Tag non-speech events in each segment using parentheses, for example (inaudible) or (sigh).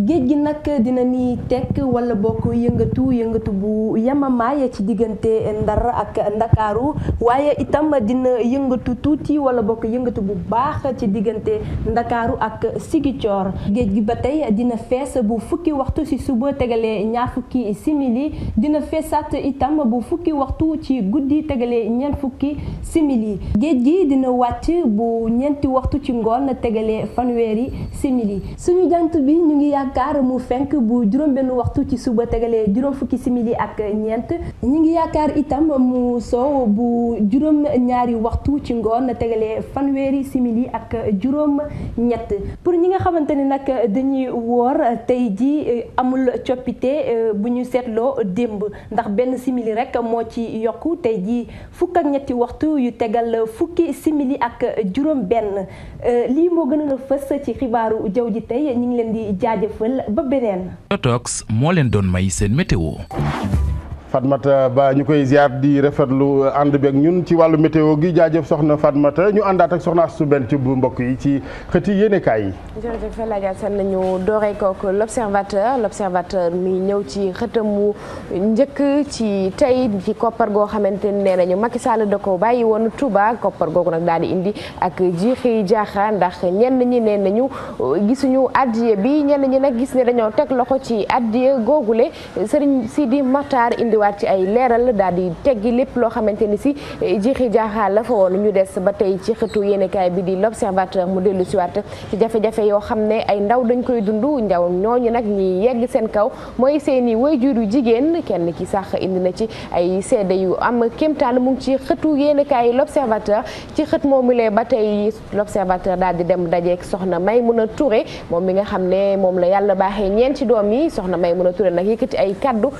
géej gi nag dina ni tekk wala bokk yëngatu yëngatu bu yamamaay ci diggante ndar ak ndakaaru waaye itam dina yëngatu tuuti wala bokk yëngatu bu baax ci diggante ndakaaru ak sigicoor géej gi ba tey dina fees bu fukki waxtu ci suba tegalee ñaar fukki simili dina feesaat itam bu fukki waxtu ci guddi tegalee ñeent fukki simili géej gi dina wàcc bu ñeenti waxtu ci ngoon tegalee fanweeri simili suñu jant bi ñu ngi kaar mu fenk bu juróom benn waxtu ci suba tegalee juróom fukki simili ak ñeent ñu ngi yaakaar itam mu soow bu juróom ñaari waxtu ci ngoon tegalee fanweeri simili ak juróom ñett pour ñi nga xamante ne nag dañuy woor tey ji eh, amul coppite eh, bu ñu seetloo démb ndax benn simili rek moo ci yokk tey ji fukk ak ñetti waxtu yu tegal fukki simili ak juróom benn eh, lii moo gën a fës ci xibaaru jaww ji tey ñu ngi leen di jaajëfal ba beneen. Totox moo leen doon may seen météo. Fatmata Ba ñu koy ziar di rafetlu uh, ànd bi ak ñun ci wàllu météo gi jaajëf soxna Fatmata ñu àndaat ak soxna Astou Bène ci bu mbokk yi ci xëti yéenekaay yi. jërëjëf El Hadj Assane nañu dooree kook l'observateur l'observateur mi ñëw ci xëtamu njëkk ci tey ci koppar goo xamante ne nee nañu Macky Sall da ko bàyyi woon Touba koppar googu nag daal di indi ak jiixi jaaxa ndax ñenn ñi nee nañu uh, gisuñu addiye bi ñenn ñi nag gis ne dañoo teg loxo ci addiye googule Serigne Sidi Matar indi. indiwaat ci ay leeral daal di teggi lépp loo xamante ni si eh, jiixi jaaxaa la fa woon ñu des ba tey ci xëtu yéenekaay bi di l'observateur mu dellu siwaat ci jafe-jafe yoo xam ne ay ndaw dañ koy dund ndaw ñooñu nag ñi yegg seen kaw mooy seeni waajur yu jigéen kenn ci sax indi na ci ay seede yu am kéemtaan mu ngi ci xëtu yéenekaay yi l'observateur ci xët moomulee ba tey l'observateur daal di dem dajeek soxna a Touré moom mi nga xam ne moom la yàlla baaxee ñeent ci doom yi soxna Maymuna Touré nag yëkkati ay kaddu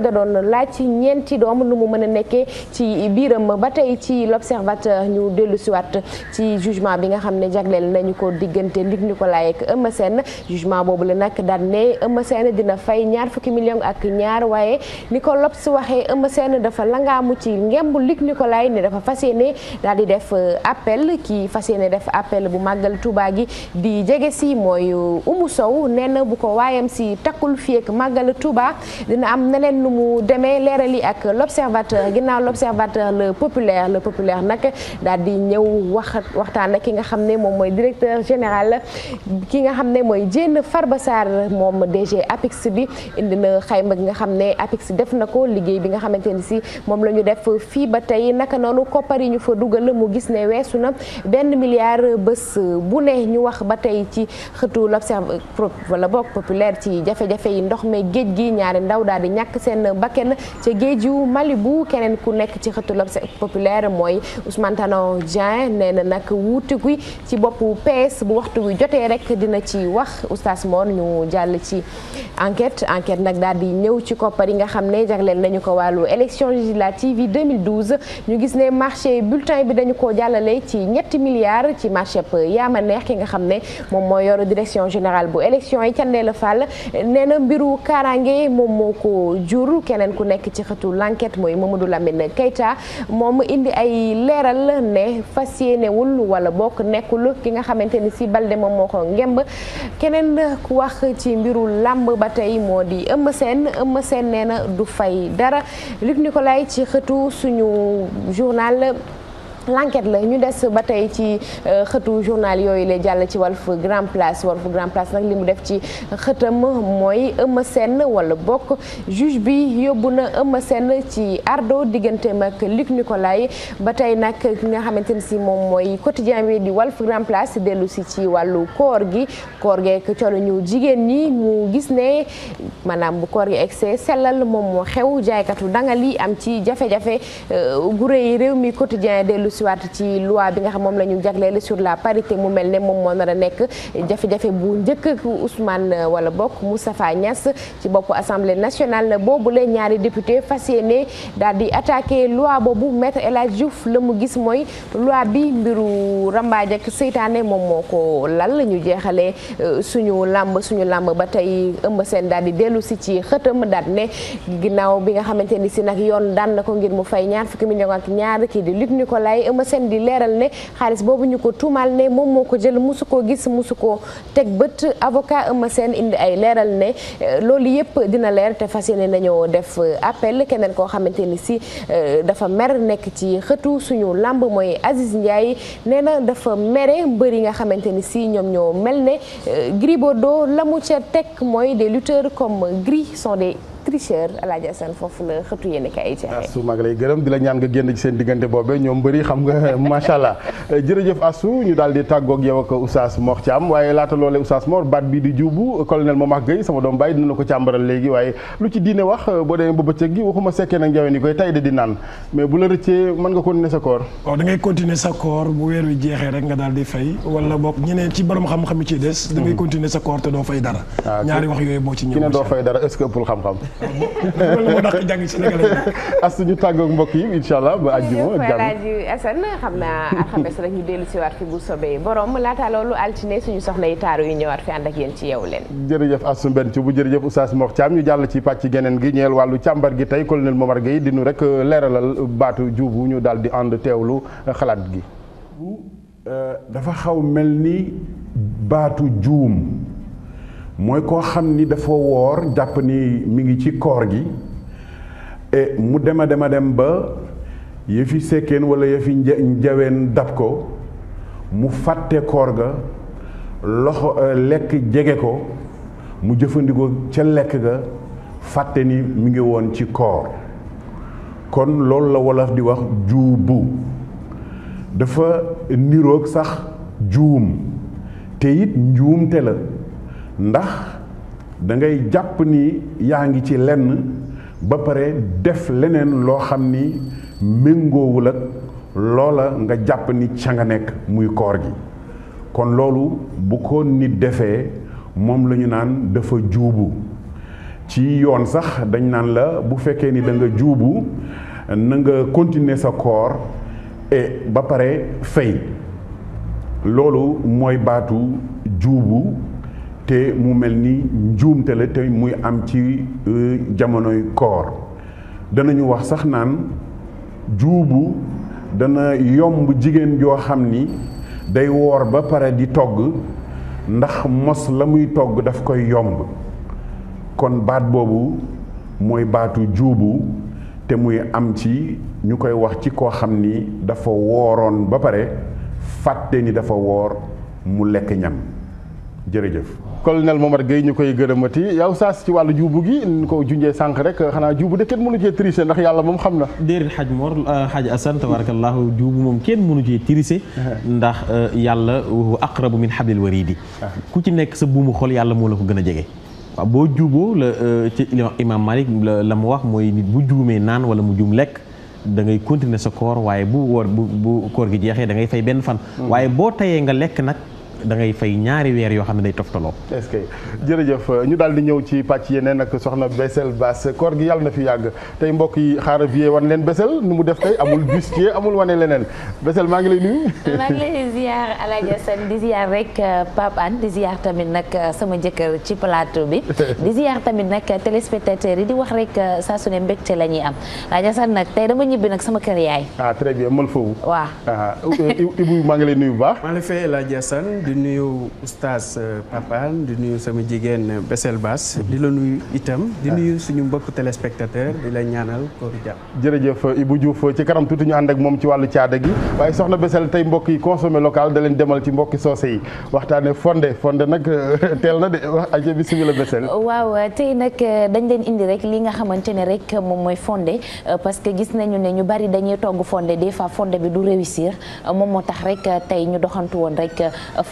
da doon laaj ci ñeenti doom nu mu mën a nekkee ci biiram ba tey ci l'observateur ñu dellu siwaat ci jugement bi nga xam ne jagleel nañu ko diggante Luc Nicolaï ak Eumeu Sène jugement boobu la nag daan ne Eumeu Sène dina fay ñaar fukki millions ak ñaar waaye ni ko L'Obs waxee Eumeu Sène dafa langaamu ci ngemb Luc Nicolaï ni dafa fas yéene daal di def euh, appel ki fas yéene def appel bu màggal tubaa gi di jege si mooy Oumou Sow nee na bu ko waayam si takkul fii ak màggal Touba dina am neneen nu mu demee leeral yi ak l'observateur ginnaaw l'observateur le populaire le populaire nag daal di ñëw wax waxtaan ak ki nga xam ne moom mooy directeur général ki nga xam ne mooy Diène Farba Sarr moom DG APIX bi indi na xayma ki nga xam ne APIX def na ko liggéey bi nga xamante ni si moom la ñu def fii ba tey naka noonu koppar yi ñu fa dugal mu gis ne weesu na benn milliard bés bu ne ñu wax ba tey ci xëtu l'observateur wala boog populaire ci jafe-jafe yi ndox me géej gi ñaari seen bakken ca géeju Malibu keneen ku nekk ci xëtu l'Observateur populaire mooy Ousmane Tanor Dieng nee na nag wuute gi ci bopp pees bu waxtu wi jotee rek dina ci wax oustaz Mor ñu jàll ci enquête enquête nag daal di ñëw ci koppar yi nga xam ne jagleel nañu ko wàllu élection législative yi 2012 ñu gis ne marché bulletin bi dañu ko jàllale ci ñetti milliards ci marché yaama neex ki nga xam ne moom moo yor direction générale bu élection yi Thiendella Fall nee na jur keneen ku nekk ci xëtu l'enquête mooy Mamadou Lamine Keita moom indi ay leeral ne fas yéenewul wala bokk nekkul ki nga xamante ni si Balde moom moo ko ngemb keneen ku wax ci mbiru làmb ba tey moo di Eumeu Sène Eumeu Sène nee na du fay dara Luc Nicolaï ci xëtu suñu journal l'enquête la ñu des ba tey ci euh, xëtu journal yooyu la jàll ci Walf Grand Place Walf Grand Place nag li mu def ci xëtam mooy Eumeu senn wala bokk juge bi yóbbu na Eumeu Sène ci ardo diggante ak Luc Nicolaï ba tey nag ki nga xamante ni si moom mooy quotidien bi di Walf Grand Place dellu si ci wàllu koor gi koor geek colu ñu jigéen ñi mu gis ne maanaam bu koor gi excès sellal moom moo xew jaaykatu dangal yi am ci jafe-jafe euh, guré yi réew mi quotidien dellu siwaat ci loi bi nga xam moom la ñu jagleel sur la parité mu mel ne moom moo nar a nekk jafe-jafe bu njëkk Ousmane euh, wala bokk Moustapha ñas ci boppu assemblée nationale boobu la ñaari député fas yéene daal di attaqué loi boobu maître El Hadj Diouf la mu gis mooy loi bi mbiru rambaaj ak seytaane moom moo ko lal ñu jeexalee euh, suñu làmb suñu làmb ba tey ëmb seen daal di dellu si ci xëtëm daat ne ginnaaw bi nga xamante ni si nag yoon daan na ko ngir mu fay Eumeu di leeral ne xaalis boobu ñu ko tuumaal ne moom moo ko jël mosu koo gis mosu koo teg bët avocat Eumeu indi ay leeral ne euh, loolu yëpp dina leer te fas yéene nañoo def euh, appel keneen koo xamante ni si euh, dafa mer nekk ci xëtu suñu làmb mooy Aziz Ndiaye nee na dafa mere mbër yi nga xamante ni si ñoom ñoo mel ne Gris Bordeaux la mu ca teg mooy des lutteurs comme Gris sont tricheur Alaaji Assane foofu la xëtu yéen kay Astu maa ngi lay gërëm di la ñaan nga génn ci seen diggante boobee ñoom bëri xam nga (laughs) macha allah euh, jërëjëf Astu ñu daal di tàggoog yow ak Oustaz Mor Thiam waaye laata loolee Oustaz Mor baat bi di juubu colonel Momar Gueye sama doom bàyyi dina ko càmbaral léegi waaye lu ci diine wax euh, boo demee ba bëccëg waxuma sekkee nag njaween yi koy tay de di naan mais bu la rëccee mën nga continuer sa koor waaw da ngay continuer sa koor bu moo dàq jàng Sénégal ñu tàggoog mbokk yi incha allah ba àjjuma ak jàmm alaaji Asan xam naa alxames rek ñu dellu bu sobee borom laata loolu altine suñu soxna yi taaru yu ñëwaat fi ànd ak yéen ci yeewu leen jërëjëf Astou Mbène ci bu jërëjëf Oustaz Mor Thiam ñu jàll ci pàcc geneen gi ñeel wàllu càmbar gi tey colonel Momar Gueye dinu rek euh, leeralal baatu juubu ñu daal di ànd teewlu euh, xalaat gi euh, dafa xaw mel ni baatu juum mooy koo xam ni dafa woor jàpp ni mi ngi ci koor gi e mu dem a dem a dem ba yëfi sekkeen wala yëfi njaween dab ko mu fàtte koor ga loxo e, lekk jege ko mu jëfandikoo ca lekk ga fàtte ni mi ngi woon ci koor kon loolu la wolof di wax juubu dafa niroog sax juum te it njuumte la ndax dangay jàpp ni yaa ngi ci lenn ba pare def leneen loo xam ni méngoowul ak loola nga jàpp ni ca nga nekk muy koor gi kon loolu bu ko nit defee moom la ñu naan dafa juubu ci yoon sax dañ naan la bu fekkee ni danga juubu na nga continuer sa koor et ba pare fay loolu mooy baatu juubu te mu mel ni njuumte la te muy am ci euh, jamonoy koor danañu wax sax naan juubu dana yomb jigéen joo xam ni day woor ba pare di togg ndax mos la muy togg daf koy yomb kon baat boobu mooy baatu juubu te muy am ci ñu koy wax ci koo xam ni dafa wooroon ba pare fàtte ni dafa woor mu lekk ñam jërëjëf colonel Momar Gueye ñu koy gërëmati yow saas si wàllu juubu gi ñu ko junjee sànq rek xanaa juubu de kenn mënu cee tricher ndax yàlla moom xam na déedéet xaj Mor xaj euh, Asan tabarakallahu juubu moom kenn mënu cee tricher uh-huh. ndax euh, yàlla aqrabu min hablil waridi uh-huh. ku ci nekk sa buumu xol yàlla moo la ko gën a jege boo juuboo la euh, ci imam Malik la mu wax mooy nit bu juumee naan wala mu juum lekk da ngay continuer sa koor waaye bu woor bu bu koor gi jeexee da ngay fay benn fan hmm. waaye boo tayee nga lekk nag da ngay fay ñaari weer yoo xam ne day toftaloo. est-ce jërëjëf ñu daal di ñëw ci pàcc yeneen ak soxna Bessel Bass koor gi yàlla na fi yàgg tey mbokk yi xaar vie wan leen Bessel nu mu def tey amul bustier amul wane leneen Bessel maa ngi lay nuyu. maa ngi lay ziar Alaaji Asan di ziar rek euh, An di ziar nag euh, sama jëkkër ci plateau bi (laughs) di ziar tamit nag euh, téléspectateurs yi di wax rek saa su ne la ñuy am Alaaji Asan nag tey dama ñibbi nag sama kër yaay. ah très bien mën ah, ngi lay nuyu bu baax. maa ngi lay fay Alaaji Asan di nuyu oustaz euh, Papane di nuyu sama jigéen euh, Bessel Bass di la nuyu itam di ah. nuyu suñu mbokk téléspectateur di la ñaanal kooru jàpp jërëjëf Ibou Diouf ci kanam tuuti ñu ànd ak moom ci wàllu caada gi waaye soxna Bessel tey mbokk yi consommé local da leen demal ci mbokki soose yi waxtaane fondé fondé nag euh, teel na de wax aja bismillah Bessel waaw tey nag dañ leen indi rek li nga xamante ne rek moom mooy fonde parce que gis nañu ne ñu bari dañuy togg fondé des fois fondé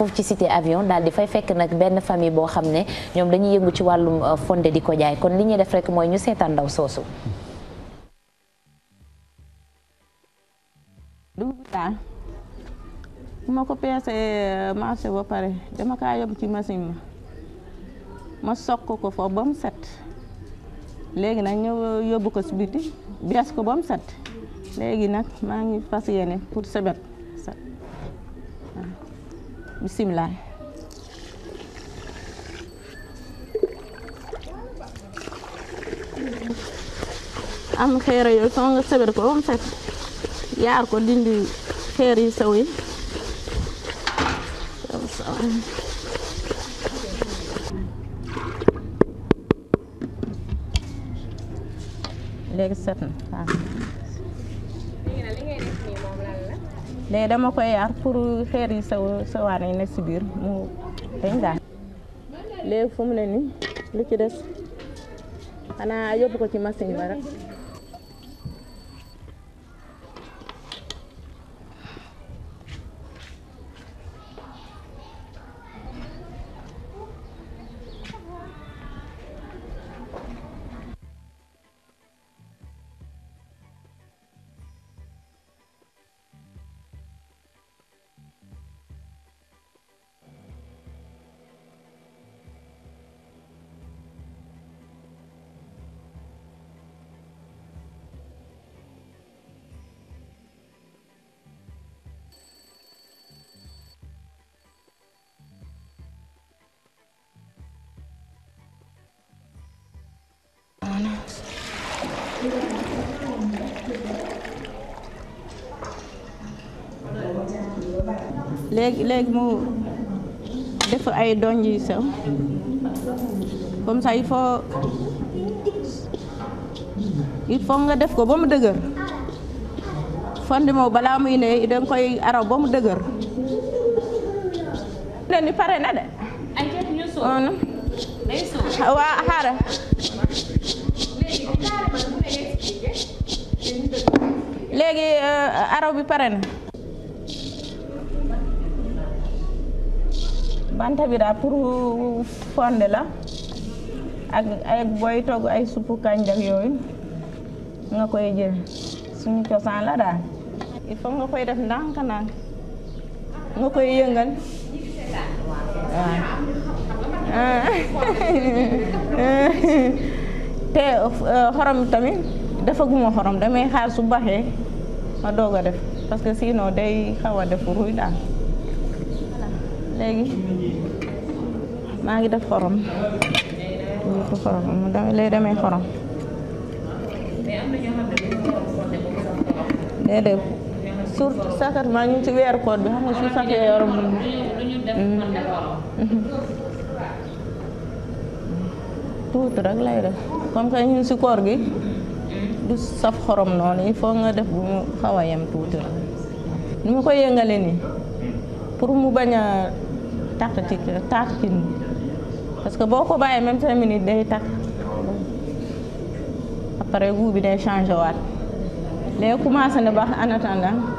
foofu ci cité avion daal di fay fekk nag benn famille boo xam ne ñoom dañuy yëngu ci wàllum euh, fonde di ko jaay kon li ñuy def rek mooy ñu seetaan ndaw soosu. dugub taal bu ma ko peesee euh, marché ba pare dama kaa yóbbu ci machine ma ma sokk ko foofu ba mu set léegi nag ñëw yóbbu ko si biti bees ko ba mu set léegi nag maa ngi fas yéene pour sebet bisimilah. am xeer yooyu soo nga sëbër ko ba yaar ko dindi xeer yi saw set na léegi dama koy yar pour xeer yi saw sawaan yi nekk si biir mu dañ daal. léegi ne nii lu ci des xanaa yóbbu ko ci machine ba rek. léegi léegi mu def ay donj yu sew comme ça il faut il faut nga def ko ba mu dëgër fondement balaa muy ne danga koy araw ba mu dëgër ne ni pare na de waa xaaral léegi euh, araw bi pare na banta bi daal pour fonde la ak ay booy togg ay suppu kànja yooyu nga koy jël suñu cosaan la daal il faut nga koy def ndànk ndànk nga koy yëngal waaw (laughs) te euh, xorom tamit defaguma xorom damay xaar su baxee ma doog a def parce que sinon day xaw a def ruy daal léegi maa ngi def xorom ko xorom lay demee xorom surtout sakat maa ñu ci weeru koor bi xam nga su saxee yorom tuuti rek lay def comme que ñu ci koor gi du saf xorom noonu il faut nga def bu mu xaw yam yem tuuti la ni mu ko yëngale nii pour mu bañ a taq ci taq ci parce que boo ko bàyyee même cinq minutes day taq après goût bi day changé waat léegi commencé na baax en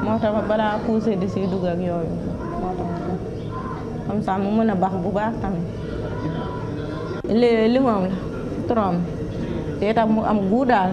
moo tax balaa poussé di si dugg ak yooyu moo mu mën a baax bu baax tamit li limam la trom te itam mu am goût daal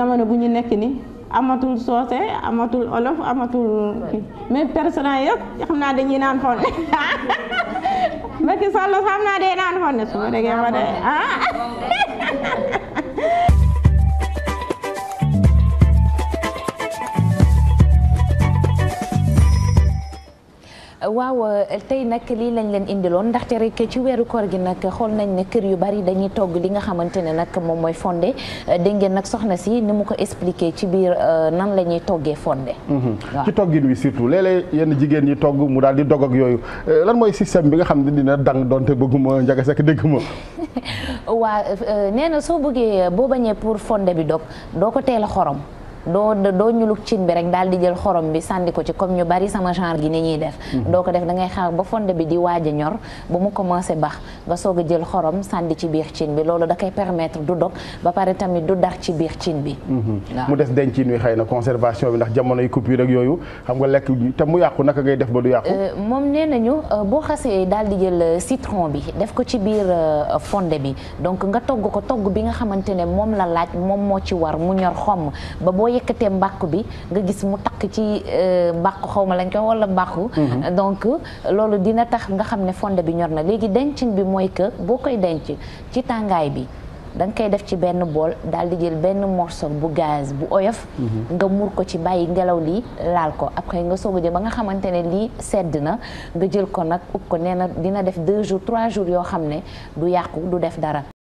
jamono bu ñu nekk ni amatul soose amatul olof amatul mais président yëpp xam naa dañuy naan xonne (laughs) Macky Sall xam naa day naan xonne su ma déggee ma de ah (laughs) waaw eh, tey nag lii lañ leen indiloon ndaxte rek ci weeru koor gi nag xool nañ ne kër yu bari dañuy togg li nga xamante ne nag moom mooy fonde eh, dégg ngeen nag soxna si ni mu ko expliqué ci biir eh, nan la ñuy toggee fonde mhm. ci toggin wi surtout léeg-léeg yenn jigéen ñi togg mu daal di dog ak yooyu lan mooy système bi nga xam ne dina dang doonte bëgguma njaga sekk dégg ma (laughs) waa nee na soo bëggee boo bañee pour fonde bi dog doo ko teel xorom doo doo ñuluk cin bi rek daal di jël xorom bi sànni ko ci comme ñu bari sama genre gi ni ñuy def mhm. doo ko def da ngay xaar ba fonde bi di waaj ñor ba mu commencé bax nga soog a jël xorom sànni ci biir cin bi loolu da koy permettre du dog ba pare tamit du dar ci biir cin bi mhm. waaw mu des dencin wi xëy na conservation bi ndax jamonoy coupure ak yooyu xam nga lekk te mu yàqu naka ngay def ba du yàqu euh, moom nee nañu euh, boo xasee daal di jël euh, citron bi def ko ci biir fonde bi donc nga togg ko togg bi nga xamante ne moom la laaj moom moo ci war mu ñor xomm ba boo yëkkatee mbàkku bi nga gis mu takk ci euh, mbàkku xaw ma lañ ko walla mbàkku donc loolu dina tax nga xam ne fonde bi ñor na léegi dencin bi mooy que boo koy denc ci tàngaay bi da nga koy def ci benn bool daal di jël benn morceau bu gaz bu oyof. Mhm. nga muur ko ci bàyyi ngelaw lii laal ko après nga soog a ba nga xamante ne lii sedd na nga jël ko nag ub ko nee na dina def deux jours trois jours yoo xam ne du yàqu du def dara.